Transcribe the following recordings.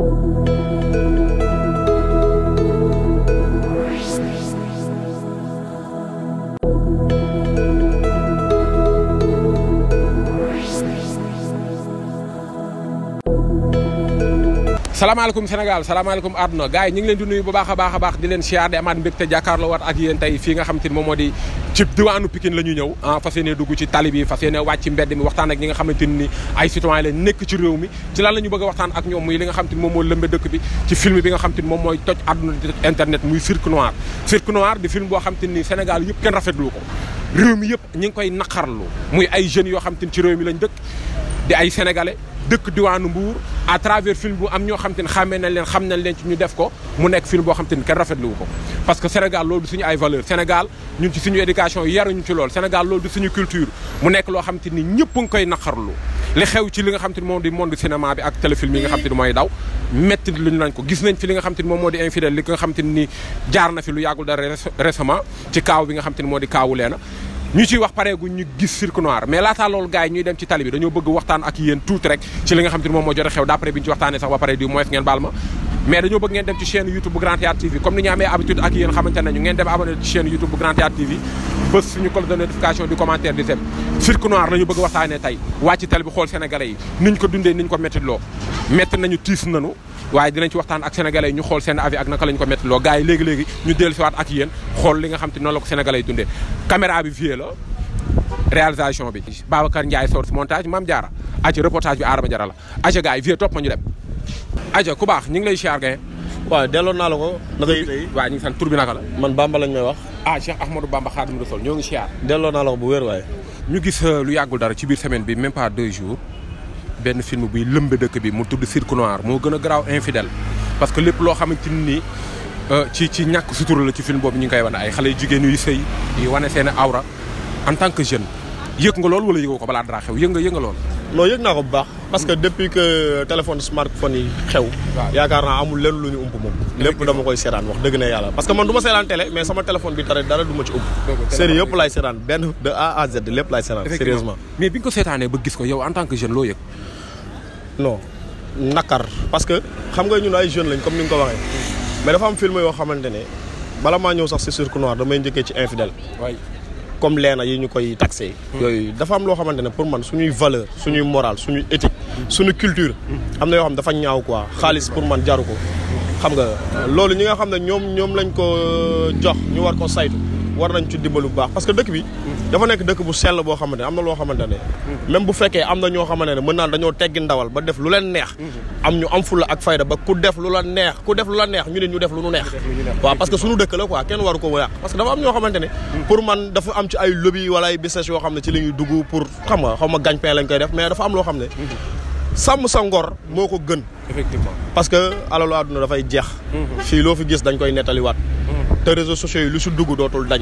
呜。salaamaaleykum Sénégal salaamaaleykum àdduna gars yi ñu ngi ba di baax a baax a baax di leen siyaar di amaat mbégte jàkkaarloo waat ak yéen tey fii nga xam moom moo di ci diwaanu Pikine la ñu ñëw ah fas yéene ci tali bi fas yéene ci mbedd mi waxtaan ak ni ay citoyen la nekk ci réew mi ci lan a waxtaan ak ñoom muy li nga xam moom moo lëmbe dëkk bi ci film bi nga xam te ni moom mooy toj àdduna di internet muy Cirque Noir Cirque Noir di film boo xam ni Sénégal yëpp kenn rafetlu ko réew mi yëpp koy naqarlu muy ay jeunes yoo xam te ni réew mi lañ dëkk di ay sénégalais dëkk diwaanu mbuur à travers film bu am ñoo xam te ne xàmmee nañ leen xam nañ leen ci ñu def ko mu nekk film boo xam te ni kenn rafetlu ko parce que Sénégal loolu du suñu ay valeur Sénégal ñun ci suñu éducation yaruñu ci loolu Sénégal loolu du suñu culture mu nekk loo xam te ni ñëpp nga koy naqarlu li xew ci li nga xam te ni moom di monde cinéma bi ak téléfilm yi nga xam te ni mooy daw metti lu ñu lañ ko gis nañ fi li nga xam te ni moom moo di infidèle li nga xam te ni jaar na fi lu yàggul dara récemment ci kaaw bi nga xam te ni moo di kaawu leena ñu ciy wax pareeguñ ñu gis cirque noir mais laataa loolu gars ñuy dem ci tali bi dañoo bëgg waxtaan ak yéen tuuti rek ci li nga xam te moom moo jot a xew d'après bi ñu ci waxtaanee sax ba pare du moins ngeen baal ma mais dañoo bëgg ngeen dem ci chaîne YouTube bu Grand Théâtre TV comme ni ñu amee habitude ak yéen xamante ngeen dem abonné ci chaîne YouTube bu Grand Théâtre TV bës suñu cloche de notification du commentaire di thème cirque noir la bëgg waxtaanee waaye dinañ ci waxtaan ak sénégalais ñu xool seen avis ak naka lañ ko métti loo gars léegi-léegi ñu dellu siwaat ak yéen xool li nga xam te noonu la ko sénégalais yi dundee caméra bi vie la réalisation bi Babacar Ndiaye source montage Mame Diarra aja reportage bi Adama Diarra la aja gars yi vie topp ma ñu dem aja ku baax ñu ngi lay siyaar gaye delloon naa la ko naka tey waaw ñu ngi sant bi naka la man Bamba lañ may wax ah Cheikh Ahmadou Bamba Khadim Rassoul ñoo ngi siyaar delloo naa la ko bu wér waaye ñu gis euh, lu yàggul dara ci biir semaine bi même pas deux jours ben film bi lëmbe deuk bi mu tuddu cirque noir mo gëna graw infidèle parce que lepp lo xamanteni ni euh, ci ci ñak sutura la ci film bobu ñu ngi koy wone ay xalé jigéen yu sey yi wone seen aura en tant que jeune yeug nga lool wala yëgoo ko dara xew yeug nga yeug nga lool lo yeug nako bu baax parce que hmm. depuis que téléphone smartphone yi xew yaakaar amul lenn luñu ñu ump moom lépp dama koy sétan wax deug na yalla parce que man duma sétan télé mais sama téléphone bi tare dara duma ci ump sérieux yëpp lay sétan ben de A a Z lepp lay sétan sérieusement mais biñ ko sétané ba gis ko yow en tant que jeune lo yeug non nakar parce que xam nga nous sommes jeunes comme nous mais les femmes, film bala maa ñëw sax cirque noir infidèle. comme nous yi taxés. koy taxé. Hmm. yooyu dafa am lo qui pour man valeur suñuy morale suñuy éthique. Hmm. une culture. Hmm. am na xam quoi pour man jaru xam nga loolu ñi nga xam war nañ ci dimbali bu baax parce que dëkk bi dafa nekk dëkk bu sell boo xamante ne am na loo xamante ne même bu fekkee am na ñoo xamante ne mën naan dañoo teggi ndawal ba def lu leen neex am ñu am fulla ak fayda ba ku def lu la neex ku def lu la neex ñu ne ñu def lu nu neex waaw parce que suñu dëkk la quoi kenn waru ko yàq parce que dafa am ñoo xamante ne pour man dafa am ci ay lobby wala ay business yoo xam ne ci li ñuy dugg pour xam nga xaw ma gagne-pain lañ koy def mais dafa am loo xam ne sàmm sa ngor moo ko gën effectivement parce que alalu àdduna dafay jeex. Mhm. fii loo fi gis dañ koy nettaliwaat. Mhm. te réseaux sociaux yi lu si dugg dootul dañ.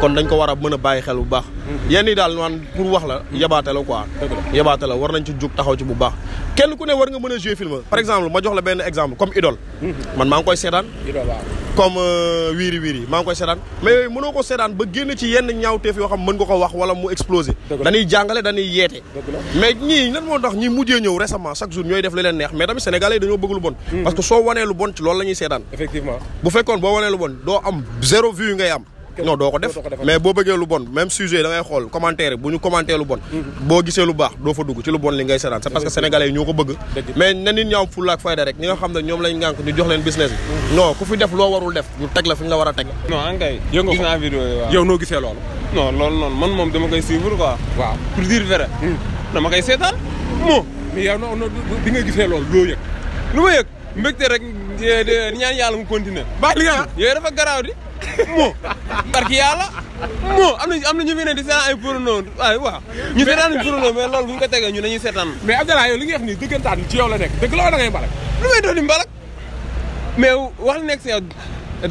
kon dañ ko war a mën a bàyyi xel bu baax. Mhm. yenn yi daal man pour wax la yabaate la quoi. yabaate la war nañ ci jug taxaw ci bu baax. kenn ku ne war nga mën a jouer film. par exemple ma jox la benn exemple comme Idole. man maa ngi koy seetaan. comme euh, wiri wiri maa ngi koy seetaan mais yooyu mënoo ko seetaan ba génn ci yenn ñaawteef yoo xam mën nga ko wax wala mu explosé dañuy jàngale dañuy yeete mais ñii lan moo tax ñi mujjee ñëw récemment chaque jour ñooy def li leen neex mais tamit sénégalais dañoo bëgg lu bon hmm. parce que soo wanee lu bon ci loolu la ñuy seetaan effectivement bu fekkoon boo wanee lu bon doo am zéro vue ngay am non doo ko def mais boo bëggee lu bon même sujet da ngay xool commentaire bu ñu commenté lu bon hmm. boo gisee lu baax doo fa dugg ci lu bon li ngay seetaan c'est parce que sénégalais yi ñoo ko bëgg mais na nit ñi am fulla fayda rek ñi nga xam ne ñoom lañ ngànk ñu jox leen business bi hmm. non ku fi def loo warul def ñu teg la fi ñu la war a teg non angay gis naa vidéo yi yow noo gisee loolu non loolu noonu man moom dama koy suivre quoi waaw pour dire vrai dama koy seetaan moo mais yow non non bi nga gisee loolu loo yëg. lu ma yëg mbégte rek ñaan yàlla mu continuer. baax li nga yooyu dafa garaaw di moo. barki yàlla moo am na am na ñu fi ne di seetaan ay porno waaw waaw ñu seetaan ay porno mais loolu bu ñu ko tegee ñu dañuy seetaan. mais Abdallah yow li nga wax nii dëggantaan ci yow la nekk dëgg la wala da ngay mbalak. lu may doon di mbalak mais wax nekk si yow.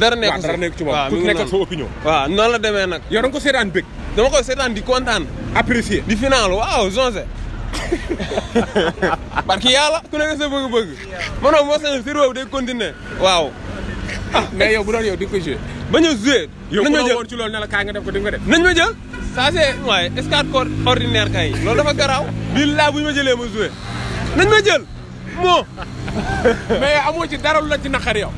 dara nekk dara nekk ci moom ku nekk sa opinion. waaw noonu la demee nag. yow da nga ko seetaan bëgg. dama ko seetaan di kontaan. apprécier di final waaw zonse. barki yàlla ku nekk sa bëgg-bëgg. ma ne moo waaw. ah mais yow bu doon yow di ko joué. ba ñu joué. nañ ma jël yow ci loolu ne la kaay nga def ko di nga def. nañ ma jël ça c'est waaye escart ordinaire kay loolu dafa garaaw. bii laa bu ñu ma jëlee ma joué nañ ma jël moo. mais amoo ci dara lu la ci naqar yow.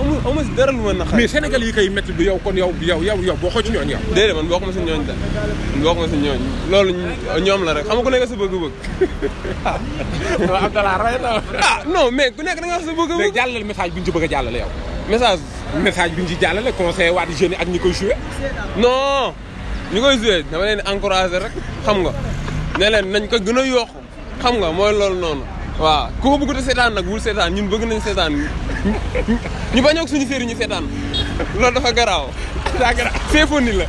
amul amul dara lu mën na mais Sénégal yi koy métti du yow kon yow yow yow yow boo xoo ci ñooñ yow déedéet man bokkuma si ñooñ da bokkuma si ñooñ loolu ñoom la rek xam nga ku nekk sa bëgg-bëgg waaw Abdallah ray na ah non mais ku nekk da nga sa bëgg-bëgg message bu ñu ci bëgg a jàllale yow message message bi ñu ci jàllale conseillé waat jeunes ak ñi koy joué non ñi koy joué dama leen encouragé rek xam nga ne leen nañ ko gën a yokk xam nga mooy loolu noonu waaw ku ko bëggut a seetaan nag wul seetaan ñun bëgg nañ seetaan ñu bañook suñu série ñu seetaan loolu dafa garaaw. daa garaaw seefooni la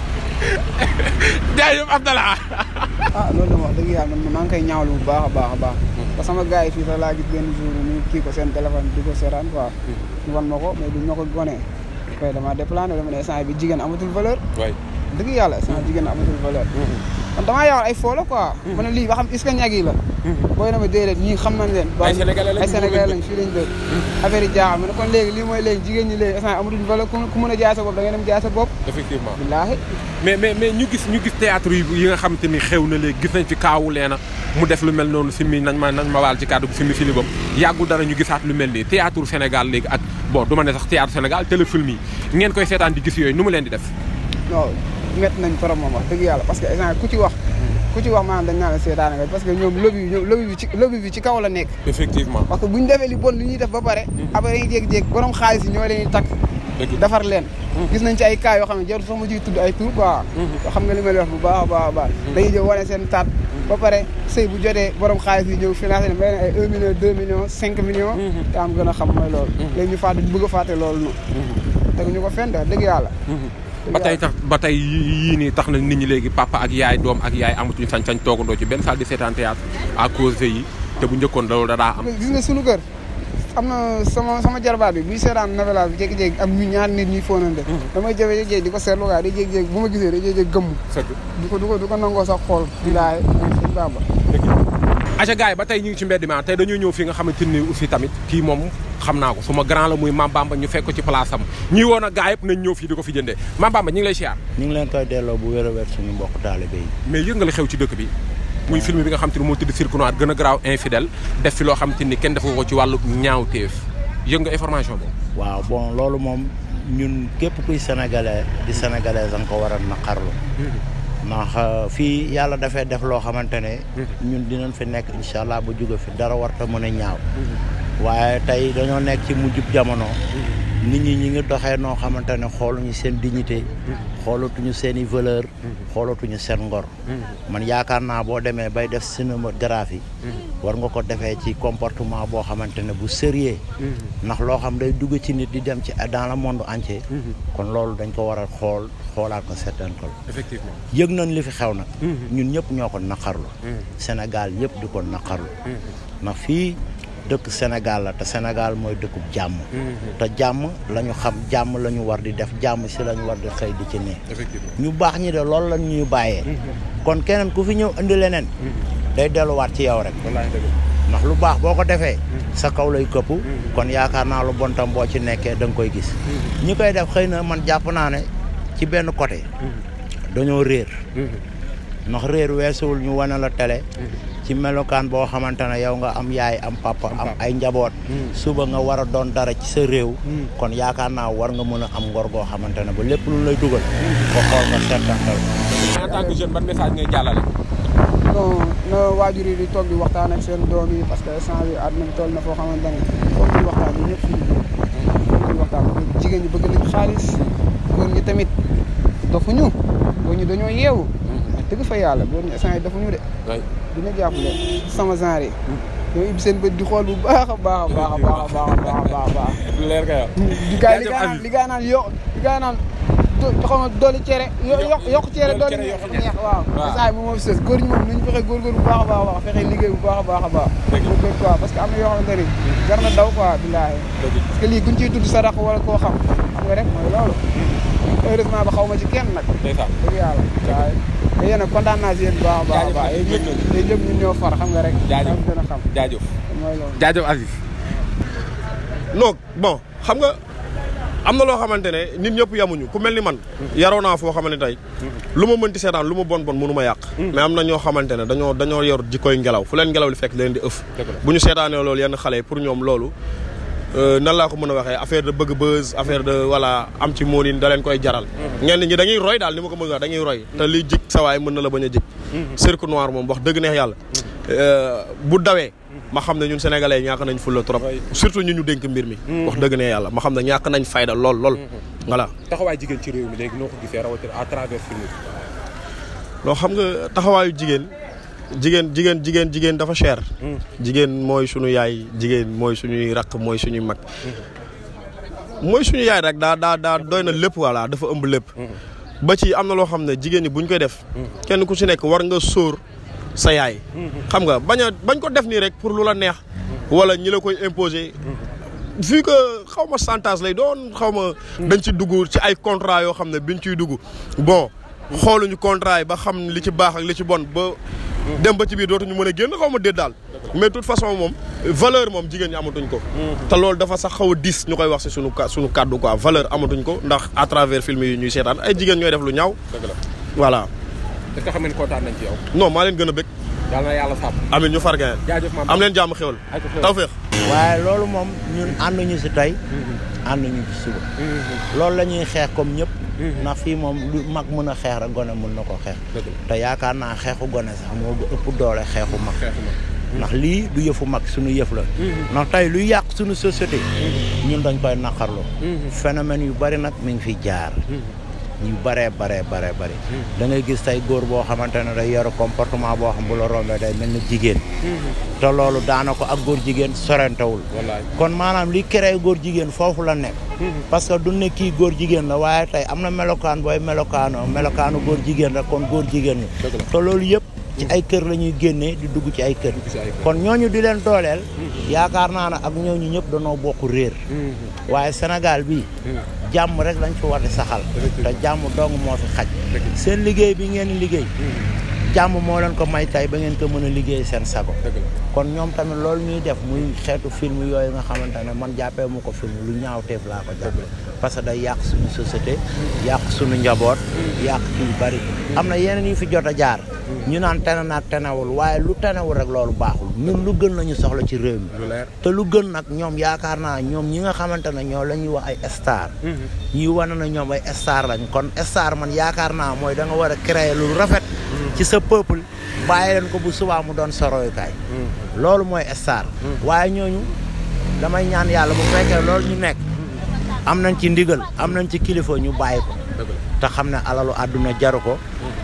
jaajëf Abdallah. ah a la wax dëgg yàlla man maa ngi koy ñaawlu bu baax a baax a baax. te hmm. sama gars yi laa gis benn jour ñu kii ko seen téléphone di ko seetaan quoi. Hmm. ñu wan ma ko mais duñ ma ko gone. koy dama déplané dama ne instant bi jigéen amatul valeur. waay dëgg yàlla instant jigéen amatul valeur. Hmm. man damaa yaakaar ay foo la quoi. ma ne lii ba xam est-ce que ñag yi la. booy na ma déedéet ñii xam nañ leen. ay Sénégalais lañ fii lañ dëkk. affaire yi jaaxal ma ne kon léegi lii mooy léegi jigéen ñi léegi instant amatuñ valeur ku mën a jaay sa bopp da ngay dem jaay sa bopp. effectivement billaahi. mais mais mais ñu gis ñu gis théâtre yi nga xamante ni xew na léegi gis nañ fi kaawu leena mu def lu mel noonu simmi nañ ma nañ ma waal ci kàddu simmi fili bam yàggul dara ñu gisaat lu mel nii théâtre Sénégal léegi ak bon du ma ne sax théâtre Sénégal téléfilm yi ngeen koy seetaan di gis yooyu nu mu leen di def non métti nañ trop moom wax dëgg yàlla parce que instant ku ci wax ku ci wax maanaam dañ naa la seetaan nga parce que ñoom lobby bi ci kaw la nekk parce que bu ñu defee li bon li ñuy def ba pare mm-hmm. après dañuy jéeg-jéeg borom xaalis yi leen di takk mm-hmm. gis nañ ci ay cas yoo xam ne jarul sax ma ciy tudd ay tur quoi mm-hmm. xam nga li wax bu baax a baax baax dañuy jël wane seen taat ba pare sëy bu jotee borom xaalis yi ñëw financé ne may ne ay un million deux millions cinq millions te gën a xam mooy loolu léegi ñu fàtte bëgg a ba tey tax ba tey yii nii tax na nit ñi léegi papa ak yaay doom ak yaay amatuñu sañ-sañ toogandoo ci benn salle di seetaan théâtre à cause de yi te bu njëkkoon loolu da daa am. gis sunu kër am na sama sama jarbaat bi buy seetaan novela bi jékki-jékki am ñu ñaar nit ñuy fóonante. damay jafe-jafe di ko seetlu waaye day jékki-jékki bu ma gisee day jékki-jékki gëmm. du ko du nangoo sax xool. di laay aja gars yi ba tey ñu ngi ci mbedd mi ah, tey dañoo ñëw fii nga xamante ni aussi tamit kii moom xam naa ko suma grand la muy Mambamba ñu fekk ci place am ñuy woon a gars yëpp nañ ñëw fii di ko fi jëndee Mambamba ñu ngi lay siyaar ñu ngi leen koy delloo bu wér a wér suñu mbokk taalibe yi mais yëg nga la xew ci dëkk bi muy film bi nga xamante ni moo tudd Cirque gën a garaaw infidèle def fi loo xamante ni kenn def ko ci wàllu ñaawteef yëg nga information bi loolu moom ñun képp kuy sénégalais di sénégalais da nga ko war a naqarlu hmm. ndax euh, fii yàlla dafay def loo xamante ne mhm. ñun dinañ fi nekk incha allah ba jóge fi dara warta mën a ñaaw mhm. waaye tey dañoo nekk ci mujjub jamono mhm. nit ñi ñi ngi doxee noo xamante ne xooluñu seen dignité xoolatuñu seen i valeur xoolatuñu seen ngor man yaakaar naa boo demee bay def cinématographie war nga ko defee ci comportement boo xamante ne bu sérieux ndax loo xam day dugg ci nit di dem ci dans le monde entier kon loolu dañ ko war a xool xoolaat ko seetaan ko effectivement yëg nañ li fi xew nag. Mhm. ñun ñëpp ñoo ko naqarlu. Mhm. Sénégal yëpp di ko naqarlu. Mhm. ndax fii dëkk Sénégal la te Sénégal mooy dëkkub jàmm. te jàmm lañu xam jàmm la ñu war di def jàmm si la ñu war di xëy di ci ne. ñu baax ñi de loolu la ñuy bàyyee. kon keneen ku fi ñëw indi leneen. day delluwaat ci yow rek. ndax lu baax boo ko defee sa kaw lay këpp kon yaakaar naa lu bon boo ci nekkee da nga koy gis ñi koy def xëy na man jàpp naa ne ci benn côté dañoo réer ndax réer weesuwul ñu wana la télé ci melokaan boo xamante ne yow nga am yaay am papa am ay njaboot suba nga war a doon dara ci sa réew hmm. kon yaakaar naa war nga mën a am ngor goo xamante ne ba lépp lu lay dugal ko xool nga seetantal en tant que jeune ban message ngay jàllale bon na waajur yi di toog di waxtaan ak seen doom yi parce que instant bi àdduna toll na foo xamante ne foog ñu waxtaan ñëpp di waxtaan jigéen ñi bëgg nañ xaalis góor ñi tamit dofuñu boo ñu dañoo yeewu wax dëgg fa yàlla boo ñu instant yi dofuñu de dina jàppale sama genre yi ñoo ib seen bët di xool bu baax a baax a baax a baax a baax a baax a baax leer ka yow di gaay li gaa naan li gaa naan yo li gaa naan xaw ma dooli cere yokk yokk cere dooli neex waaw saa yi moom moo fi sës góor ñi moom nañu fexe góorgóor bu baax a baax a baax fexe liggéey bu baax a baax a baax góorgóor quoi parce que am na yoo xamante ni gar na daw quoi billaahi parce que lii kuñ ciy tudd sarax wala koo xam xam nga rek mooy loolu heureusement ba xaw ma ci kenn nag. dëgg yàlla waaw te a rek. jaajëf a xam jaajëf. mooy loolu jaajëf xam nga am na loo xamante ne nit ñëpp yamuñu ku mel ni man. yaroo naa foo xamante tey. lu ma mënti seetaan lu ma bon bon mënu yàq. Hmm. mais am na ñoo xamante ne dañoo dañoo yor jikkoy ngelaw fu leen ngelaw li fekk leen di ëf. bu ñu seetaanee loolu yenn xale yi pour ñoom loolu Euh, nan laa ko mën a waxee affaire de bëgg buzz affaire de voilà am ci moonin da leen koy jaral ñenn ñi dañuy roy daal ni ma ko mën a wax dañuy roy te liy jik sawaay mën na la bañ a jik mhm. cirque noir moom wax dëgg neex yàlla euh, bu dawee ma xam ne ñun sénégalais yi nañ fulla trop surtout ñu ñu dénk mbir mi mhm. wax dëgg ne yàlla ma xam ne ñàkk nañ fayda lool lool mhm. voilà taxawaay jigéen ci réew mi léegi noo ko gisee rawatina à travers film loo xam nga taxawaayu jigéen jigéen jigéen jigéen jigéen dafa cher. Hmm. jigéen mooy suñu yaay jigéen mooy suñuy rakk mooy suñuy mag. Hmm. mooy suñu yaay rek daa daa daa doy na lépp voilà dafa ëmb lépp. Hmm. ba ci am na loo xam ne jigéen ñi buñ koy def. kenn ku si nekk war nga sóor sa yaay. xam nga bañ bañ ko def nii rek pour lu la neex. wala ñu la koy imposer. vu que xaw ma chantage lay doon xaw ma. dañ ci dugg ci ay contrat yoo xam ne biñ ciy dugg xooluñu contrat yi ba xam li ci baax ak li ci bon ba. dem ba ci biir dootuñu mën a génn xaw ma déet daal. mais toute façon moom valeur moom jigéen ñi amatuñ ko. te loolu dafa sax xaw a diis ñu koy wax si sunu ka sunu kàddu quoi valeur amatuñ ko ndax à travers film yi ñuy seetaan ay jigéen ñooy def lu ñaaw. dëgg la voilà. est-ce nañ ci yow. non maa leen gën a bëgg. yàlla na yàlla sàmm. amiin ñu far am leen jàmm xéwal. taw féex. waaye loolu moom ñun ànduñu si tey. Mm-hmm. ànd ñu ci suba mm-hmm. loolu la ñuy xeex comme ñëpp mm-hmm. ndax fii moom lu mag mën a xeex rek gone mën na ko xeex te yaakaar naa xeexu gone sax moo ëpp doole xeexu mag mm-hmm. ndax lii du yëfu mag suñu yëf la ndax tey luy yàq suñu société ñun dañ koy naqarlu phénomène yu bari nag mu ngi fi jaar yu baree baree baree bëri da ngay gis tey góor boo xamante ne day yor comportement boo xam bu la rombee day mel na jigéen te loolu daana ko ak góor jigéen sorentewul kon maanaam li créé góor jigéen foofu la nekk parce que du ne kii góor jigéen la waaye tey am na melokaan booy melokaano melokaanu góor jigéen rek kon góor jigéen la te loolu yëpp ci ay kër la ñuy génnee di dugg ci ay kër kon ñooñu di leen dooleel yaakaar naa ne ak ñooñu ñëpp danoo bokk réer mm-hmm. waaye Sénégal bi mm-hmm. jàmm rek lañ ci war di saxal te jàmm dong moo fi xaj seen liggéey bi ngeen liggéey hmm. jàmm moo leen ko may tey ba ngeen ko mën a liggéey seen sago kon ñoom tamit loolu ñuy def muy xeetu film yooyu nga xamante ne man jàppee mu ko film lu ñaaw teef laa ko jàppe parce que day yàq suñu société yàq sunu njaboot hmm. yàq kii bari am na yeneen yi fi jot a jaar ñu naan tane naa tenewul waaye lu tenewul rek loolu baaxul ñun lu gën la ñu soxla ci réew mi te lu gën nag ñoom yaakaar naa ñoom ñi nga xamante ne ñoo la ñuy wax ay star mm-hmm. ñuy wane na ñoom ay star lañ kon star man yaakaar naa mooy danga nga war a créer lu rafet mm-hmm. ci sa peuple bàyyi leen ko bu subaa mu doon kay mm-hmm. loolu mooy star waaye ñooñu damay ñaan yàlla bu fekkee loolu ñu nekk am nañ ci ndigal am nañ ci kilifa ñu bàyyi ko te xam ne alalu àdduna jaru ko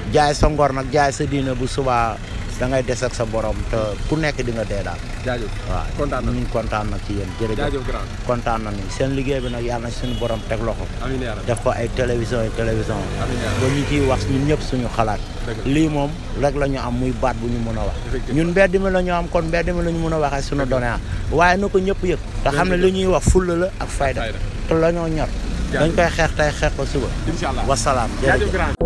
jaay sa ngor nak jaay sa diina bu suba da ngay dess ak sa borom te ku nekk di nga deda daal jaajëf waaw kontaan na ñu kontaan na ci yeen jere jaajëf grand kontaan na ni seen liggéey bi nak yalla na suñu borom tek loxo amin ya def ko ay television ay television bo ñu ci wax ñun ñep suñu xalaat li mom rek lañu am muy baat bu ñu mëna wax ñun mbedd mi lañu am kon mbedd mi lañu mëna wax a waxee suñu donné waaye na ko ñëpp yëg te li ñuy wax fulla la ak fayda te lañu ñor dañ koy xex tay xex ko suba inshallah wasalaam grand